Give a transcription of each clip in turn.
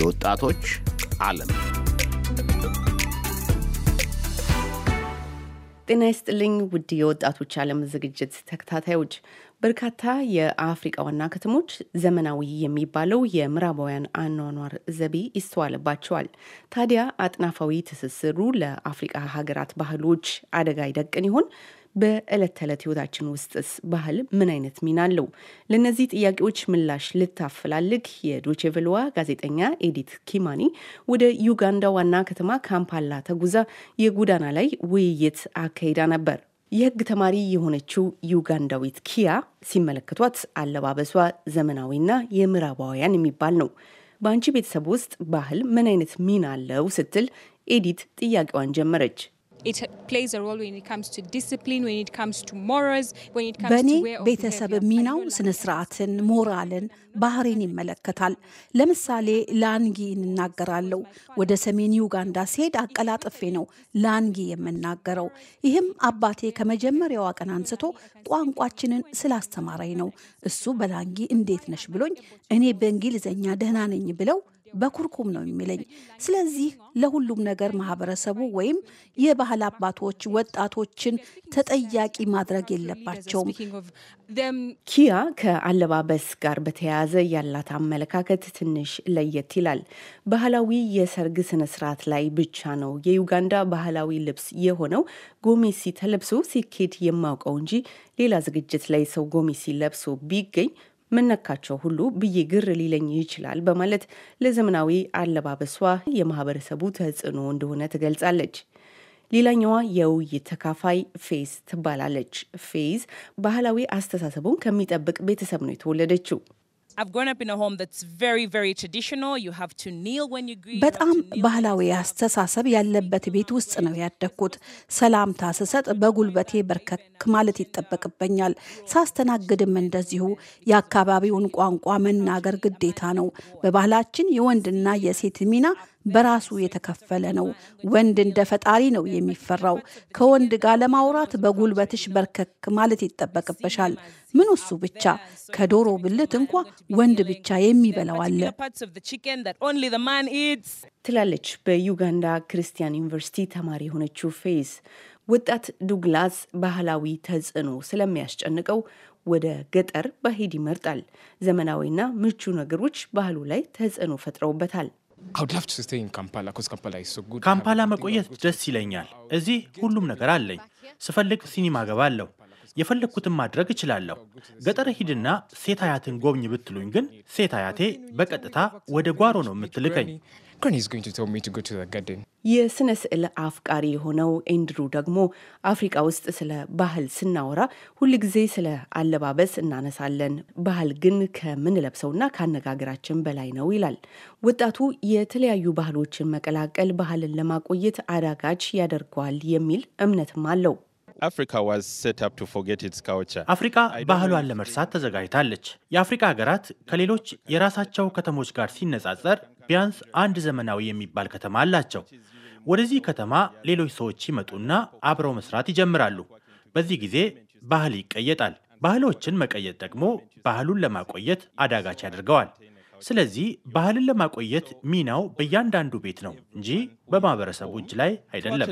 የወጣቶች ዓለም ጤና ይስጥልኝ ውድ የወጣቶች ዓለም ዝግጅት ተከታታዮች። በርካታ የአፍሪቃ ዋና ከተሞች ዘመናዊ የሚባለው የምዕራባውያን አኗኗር ዘቤ ይስተዋልባቸዋል። ታዲያ አጥናፋዊ ትስስሩ ለአፍሪቃ ሀገራት ባህሎች አደጋ ይደቅን ይሆን? በዕለት ተዕለት ህይወታችን ውስጥስ ባህል ምን አይነት ሚና አለው? ለእነዚህ ጥያቄዎች ምላሽ ልታፈላልግ የዶቼቨልዋ ጋዜጠኛ ኤዲት ኪማኒ ወደ ዩጋንዳ ዋና ከተማ ካምፓላ ተጉዛ የጎዳና ላይ ውይይት አካሂዳ ነበር። የህግ ተማሪ የሆነችው ዩጋንዳዊት ኪያ ሲመለከቷት አለባበሷ ዘመናዊና የምዕራባውያን የሚባል ነው። በአንቺ ቤተሰብ ውስጥ ባህል ምን አይነት ሚና አለው ስትል ኤዲት ጥያቄዋን ጀመረች። በእኔ ቤተሰብ ሚናው ስነ ስርዓትን፣ ሞራልን፣ ባህሪን ይመለከታል። ለምሳሌ ላንጊ እንናገራለሁ። ወደ ሰሜን ዩጋንዳ ሲሄድ አቀላጥፌ ነው ላንጊ የምናገረው። ይህም አባቴ ከመጀመሪያዋ ቀን አንስቶ ቋንቋችንን ስላስተማራኝ ነው። እሱ በላንጊ እንዴት ነሽ ብሎኝ እኔ በእንግሊዝኛ ደህና ነኝ ብለው በኩርኩም ነው የሚለኝ። ስለዚህ ለሁሉም ነገር ማህበረሰቡ ወይም የባህል አባቶች ወጣቶችን ተጠያቂ ማድረግ የለባቸውም። ኪያ ከአለባበስ ጋር በተያያዘ ያላት አመለካከት ትንሽ ለየት ይላል። ባህላዊ የሰርግ ስነስርዓት ላይ ብቻ ነው የዩጋንዳ ባህላዊ ልብስ የሆነው ጎሚሲ ተለብሶ ሲኬድ የማውቀው እንጂ ሌላ ዝግጅት ላይ ሰው ጎሚሲ ለብሶ ቢገኝ ምነካቸው ሁሉ ብዬ ግር ሊለኝ ይችላል በማለት ለዘመናዊ አለባበሷ የማህበረሰቡ ተጽዕኖ እንደሆነ ትገልጻለች። ሌላኛዋ የውይይት ተካፋይ ፌዝ ትባላለች። ፌዝ ባህላዊ አስተሳሰቡን ከሚጠብቅ ቤተሰብ ነው የተወለደችው። በጣም ባህላዊ አስተሳሰብ ያለበት ቤት ውስጥ ነው ያደግኩት። ሰላምታ ስሰጥ በጉልበቴ በርከክ ማለት ይጠበቅበኛል። ሳስተናግድም እንደዚሁ የአካባቢውን ቋንቋ መናገር ግዴታ ነው። በባህላችን የወንድና የሴት ሚና በራሱ የተከፈለ ነው። ወንድ እንደ ፈጣሪ ነው የሚፈራው። ከወንድ ጋር ለማውራት በጉልበትሽ በርከክ ማለት ይጠበቅበሻል። ምን እሱ ብቻ ከዶሮ ብልት እንኳ ወንድ ብቻ የሚበላው አለ ትላለች በዩጋንዳ ክርስቲያን ዩኒቨርሲቲ ተማሪ የሆነችው ፌዝ። ወጣት ዱግላስ ባህላዊ ተጽዕኖ ስለሚያስጨንቀው ወደ ገጠር በሄድ ይመርጣል። ዘመናዊና ምቹ ነገሮች ባህሉ ላይ ተጽዕኖ ፈጥረውበታል። ካምፓላ መቆየት ደስ ይለኛል። እዚህ ሁሉም ነገር አለኝ። ስፈልግ ሲኒማ ገባለሁ። የፈለግኩትን ማድረግ እችላለሁ። ገጠር ሂድና ሴት አያትን ጎብኝ ብትሉኝ ግን ሴት አያቴ በቀጥታ ወደ ጓሮ ነው የምትልከኝ። የስነ ስዕል አፍቃሪ የሆነው ኤንድሩ ደግሞ አፍሪቃ ውስጥ ስለ ባህል ስናወራ ሁልጊዜ ስለ አለባበስ እናነሳለን፣ ባህል ግን ከምንለብሰውና ከአነጋገራችን በላይ ነው ይላል። ወጣቱ የተለያዩ ባህሎችን መቀላቀል ባህልን ለማቆየት አዳጋች ያደርገዋል የሚል እምነትም አለው። አፍሪካ ባህሏን ለመርሳት ተዘጋጅታለች። የአፍሪካ ሀገራት ከሌሎች የራሳቸው ከተሞች ጋር ሲነጻጸር ቢያንስ አንድ ዘመናዊ የሚባል ከተማ አላቸው። ወደዚህ ከተማ ሌሎች ሰዎች ይመጡና አብረው መስራት ይጀምራሉ። በዚህ ጊዜ ባህል ይቀየጣል። ባህሎችን መቀየጥ ደግሞ ባህሉን ለማቆየት አዳጋች ያደርገዋል። ስለዚህ ባህልን ለማቆየት ሚናው በእያንዳንዱ ቤት ነው እንጂ በማህበረሰቡ እጅ ላይ አይደለም።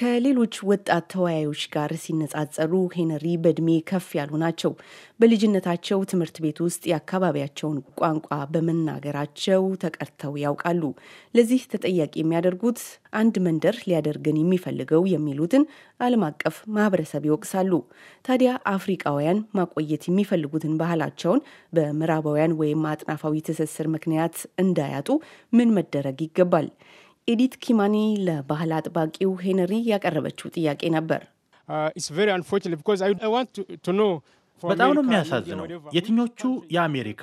ከሌሎች ወጣት ተወያዮች ጋር ሲነጻጸሩ ሄነሪ በእድሜ ከፍ ያሉ ናቸው። በልጅነታቸው ትምህርት ቤት ውስጥ የአካባቢያቸውን ቋንቋ በመናገራቸው ተቀርተው ያውቃሉ። ለዚህ ተጠያቂ የሚያደርጉት አንድ መንደር ሊያደርገን የሚፈልገው የሚሉትን ዓለም አቀፍ ማህበረሰብ ይወቅሳሉ። ታዲያ አፍሪቃውያን ማቆየት የሚፈልጉትን ባህላቸውን በምዕራባውያን ወይም አጥናፋዊ ትስስር ምክንያት እንዳያጡ ምን መደረግ ይገባል? ኤዲት ኪማኒ ለባህል አጥባቂው ሄነሪ ያቀረበችው ጥያቄ ነበር። uh, በጣም ነው የሚያሳዝነው። የትኞቹ የአሜሪካ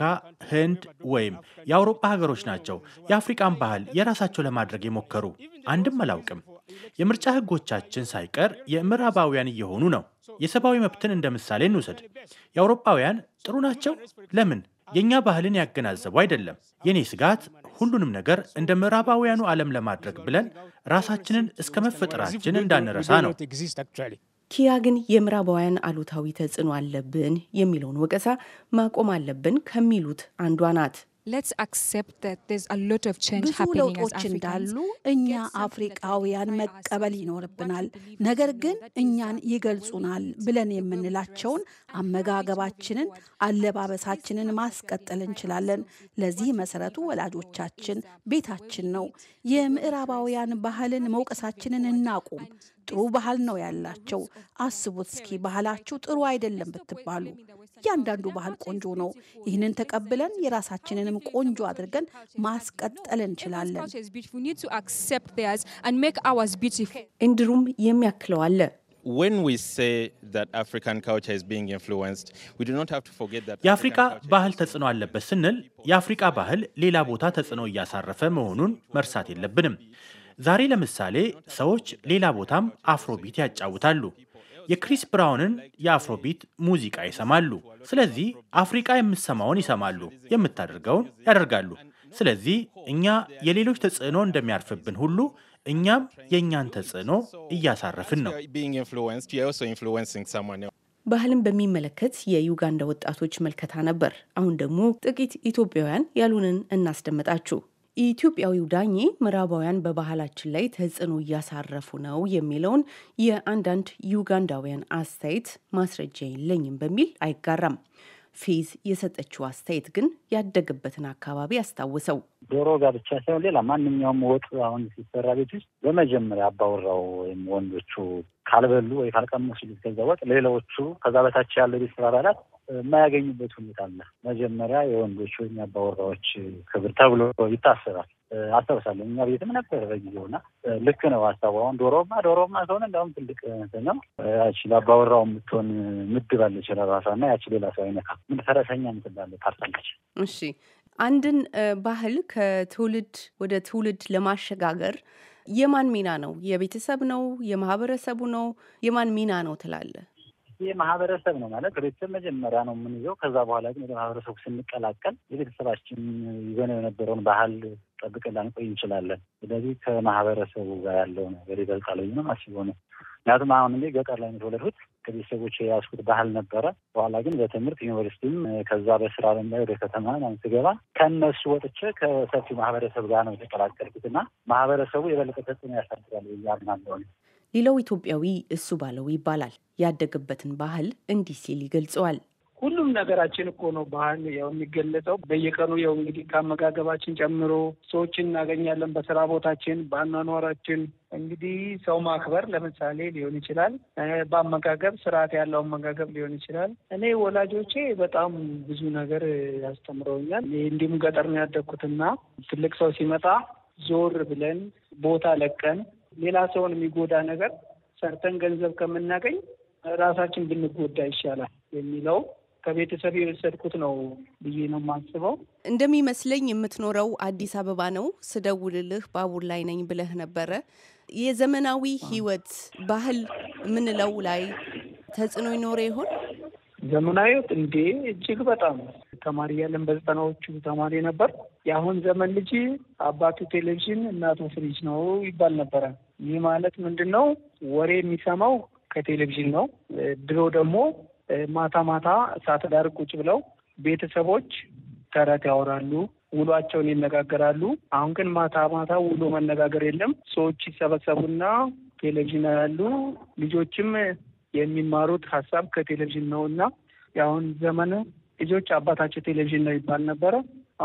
ህንድ፣ ወይም የአውሮፓ ሀገሮች ናቸው የአፍሪቃን ባህል የራሳቸው ለማድረግ የሞከሩ? አንድም አላውቅም። የምርጫ ህጎቻችን ሳይቀር የምዕራባውያን እየሆኑ ነው። የሰብአዊ መብትን እንደ ምሳሌ እንውሰድ። የአውሮፓውያን ጥሩ ናቸው። ለምን የእኛ ባህልን ያገናዘቡ አይደለም? የእኔ ስጋት ሁሉንም ነገር እንደ ምዕራባውያኑ ዓለም ለማድረግ ብለን ራሳችንን እስከ መፈጠራችን እንዳንረሳ ነው። ኪያ ግን የምዕራባውያን አሉታዊ ተጽዕኖ አለብን የሚለውን ወቀሳ ማቆም አለብን ከሚሉት አንዷ ናት። ብዙ ለውጦች እንዳሉ እኛ አፍሪቃውያን መቀበል ይኖርብናል። ነገር ግን እኛን ይገልጹናል ብለን የምንላቸውን አመጋገባችንን፣ አለባበሳችንን ማስቀጠል እንችላለን። ለዚህ መሰረቱ ወላጆቻችን፣ ቤታችን ነው። የምዕራባውያን ባህልን መውቀሳችንን እናቁም። ጥሩ ባህል ነው ያላቸው። አስቡት እስኪ ባህላችሁ ጥሩ አይደለም ብትባሉ እያንዳንዱ ባህል ቆንጆ ነው። ይህንን ተቀብለን የራሳችንንም ቆንጆ አድርገን ማስቀጠል እንችላለን። እንድሩም የሚያክለው አለ። የአፍሪቃ ባህል ተጽዕኖ አለበት ስንል የአፍሪቃ ባህል ሌላ ቦታ ተጽዕኖ እያሳረፈ መሆኑን መርሳት የለብንም። ዛሬ ለምሳሌ ሰዎች ሌላ ቦታም አፍሮቢት ያጫውታሉ። የክሪስ ብራውንን የአፍሮቢት ሙዚቃ ይሰማሉ። ስለዚህ አፍሪቃ የምትሰማውን ይሰማሉ፣ የምታደርገውን ያደርጋሉ። ስለዚህ እኛ የሌሎች ተጽዕኖ እንደሚያርፍብን ሁሉ እኛም የእኛን ተጽዕኖ እያሳረፍን ነው። ባህልን በሚመለከት የዩጋንዳ ወጣቶች መልከታ ነበር። አሁን ደግሞ ጥቂት ኢትዮጵያውያን ያሉንን እናስደምጣችሁ። ኢትዮጵያዊው ዳኜ ምዕራባውያን በባህላችን ላይ ተጽዕኖ እያሳረፉ ነው የሚለውን የአንዳንድ ዩጋንዳውያን አስተያየት ማስረጃ የለኝም በሚል አይጋራም። ፌዝ የሰጠችው አስተያየት ግን ያደገበትን አካባቢ አስታውሰው ዶሮ ጋር ብቻ ሳይሆን ሌላ ማንኛውም ወጥ አሁን ሲሰራ ቤት ውስጥ በመጀመሪያ አባወራው ወይም ወንዶቹ ካልበሉ ወይ ካልቀመሱ ከዛ ወጥ ሌላዎቹ ከዛ በታች ያለው ቤተሰብ አባላት የማያገኙበት ሁኔታ አለ። መጀመሪያ የወንዶች ወይም የአባወራዎች ክብር ተብሎ ይታሰባል። አስታውሳለሁ እኛ ቤትም ነበር በጊዜው እና ልክ ነው ሀሳቡ። አሁን ዶሮማ ዶሮማ ከሆነ እንዲሁም ትልቅ ነው። ያቺ ለአባወራው የምትሆን ምድብ አለች ለራሷ እና ያቺ ሌላ ሰው አይነካ ምን ፈረሰኛ ምትባለ ታርሳለች። እሺ አንድን ባህል ከትውልድ ወደ ትውልድ ለማሸጋገር የማን ሚና ነው? የቤተሰብ ነው? የማህበረሰቡ ነው? የማን ሚና ነው ትላለህ? የማህበረሰብ ነው ማለት ከቤተሰብ መጀመሪያ ነው የምንይዘው። ከዛ በኋላ ግን ወደ ማህበረሰቡ ስንቀላቀል የቤተሰባችን ይዘነው የነበረውን ባህል ጠብቀን ላንቆይ እንችላለን። ስለዚህ ከማህበረሰቡ ጋር ያለው ነገር ይበልጣል ነው አስቦ ነው። ምክንያቱም አሁን እንዴ ገጠር ላይ የተወለድኩት ከቤተሰቦች የያዝኩት ባህል ነበረ። በኋላ ግን በትምህርት ዩኒቨርሲቲም፣ ከዛ በስራ ዓለም ላይ ወደ ከተማ ምናምን ስገባ ከእነሱ ወጥቼ ከሰፊው ማህበረሰብ ጋር ነው የተቀላቀልኩት እና ማህበረሰቡ የበለጠ ተጽዕኖ ያሳድራል ብዬ አምናለሁ። ሌላው ኢትዮጵያዊ እሱ ባለው ይባላል። ያደገበትን ባህል እንዲህ ሲል ይገልጸዋል። ሁሉም ነገራችን እኮ ነው ባህል ያው የሚገለጸው በየቀኑ ያው እንግዲህ ከአመጋገባችን ጨምሮ ሰዎችን እናገኛለን፣ በስራ ቦታችን፣ በአኗኗራችን እንግዲህ ሰው ማክበር ለምሳሌ ሊሆን ይችላል። በአመጋገብ ስርዓት ያለው አመጋገብ ሊሆን ይችላል። እኔ ወላጆቼ በጣም ብዙ ነገር ያስተምረውኛል። እንዲሁም ገጠር ነው ያደግኩትና ትልቅ ሰው ሲመጣ ዞር ብለን ቦታ ለቀን ሌላ ሰውን የሚጎዳ ነገር ሰርተን ገንዘብ ከምናገኝ ራሳችን ብንጎዳ ይሻላል የሚለው ከቤተሰብ የወሰድኩት ነው ብዬ ነው የማስበው። እንደሚመስለኝ የምትኖረው አዲስ አበባ ነው። ስደውልልህ ባቡር ላይ ነኝ ብለህ ነበረ። የዘመናዊ ህይወት ባህል የምንለው ላይ ተጽዕኖ ይኖረ ይሆን? ዘመናዊት እንዴ እጅግ በጣም ተማሪ ያለን በዘጠናዎቹ ተማሪ ነበር የአሁን ዘመን ልጅ አባቱ ቴሌቪዥን እናቱ ፍሪጅ ነው ይባል ነበረ። ይህ ማለት ምንድን ነው? ወሬ የሚሰማው ከቴሌቪዥን ነው። ድሮ ደግሞ ማታ ማታ እሳት ዳር ቁጭ ብለው ቤተሰቦች ተረት ያወራሉ፣ ውሏቸውን ይነጋገራሉ። አሁን ግን ማታ ማታ ውሎ መነጋገር የለም። ሰዎች ይሰበሰቡና ቴሌቪዥን ያሉ ልጆችም የሚማሩት ሀሳብ ከቴሌቪዥን ነው እና የአሁን ዘመን ልጆች አባታቸው ቴሌቪዥን ነው ይባል ነበረ።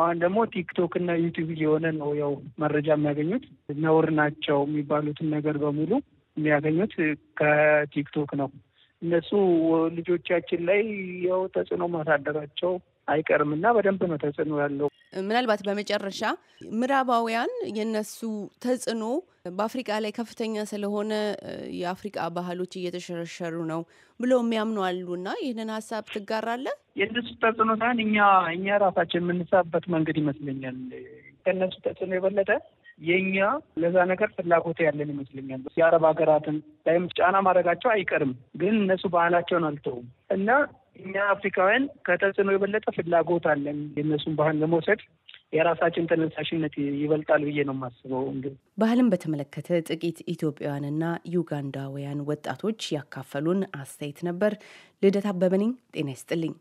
አሁን ደግሞ ቲክቶክ እና ዩቲዩብ እየሆነ ነው ያው መረጃ የሚያገኙት ነውር ናቸው የሚባሉትን ነገር በሙሉ የሚያገኙት ከቲክቶክ ነው። እነሱ ልጆቻችን ላይ ያው ተጽዕኖ ማሳደራቸው አይቀርም እና በደንብ ነው ተጽዕኖ ያለው። ምናልባት በመጨረሻ ምዕራባውያን የነሱ ተጽዕኖ በአፍሪቃ ላይ ከፍተኛ ስለሆነ የአፍሪቃ ባህሎች እየተሸረሸሩ ነው ብለው የሚያምኑ አሉና ይህንን ሀሳብ ትጋራለህ? የእነሱ ተጽዕኖ ሳይሆን እኛ እኛ ራሳችን የምንሳበት መንገድ ይመስለኛል። ከእነሱ ተጽዕኖ የበለጠ የእኛ ለዛ ነገር ፍላጎት ያለን ይመስለኛል። የአረብ ሀገራትን ላይም ጫና ማድረጋቸው አይቀርም፣ ግን እነሱ ባህላቸውን አልተውም እና እኛ አፍሪካውያን ከተጽዕኖ የበለጠ ፍላጎት አለን የእነሱን ባህል ለመውሰድ የራሳችን ተነሳሽነት ይበልጣል ብዬ ነው የማስበው። እንግዲህ ባህልን በተመለከተ ጥቂት ኢትዮጵያውያንና ዩጋንዳውያን ወጣቶች ያካፈሉን አስተያየት ነበር። ልደት አበበ ነኝ። ጤና ይስጥልኝ።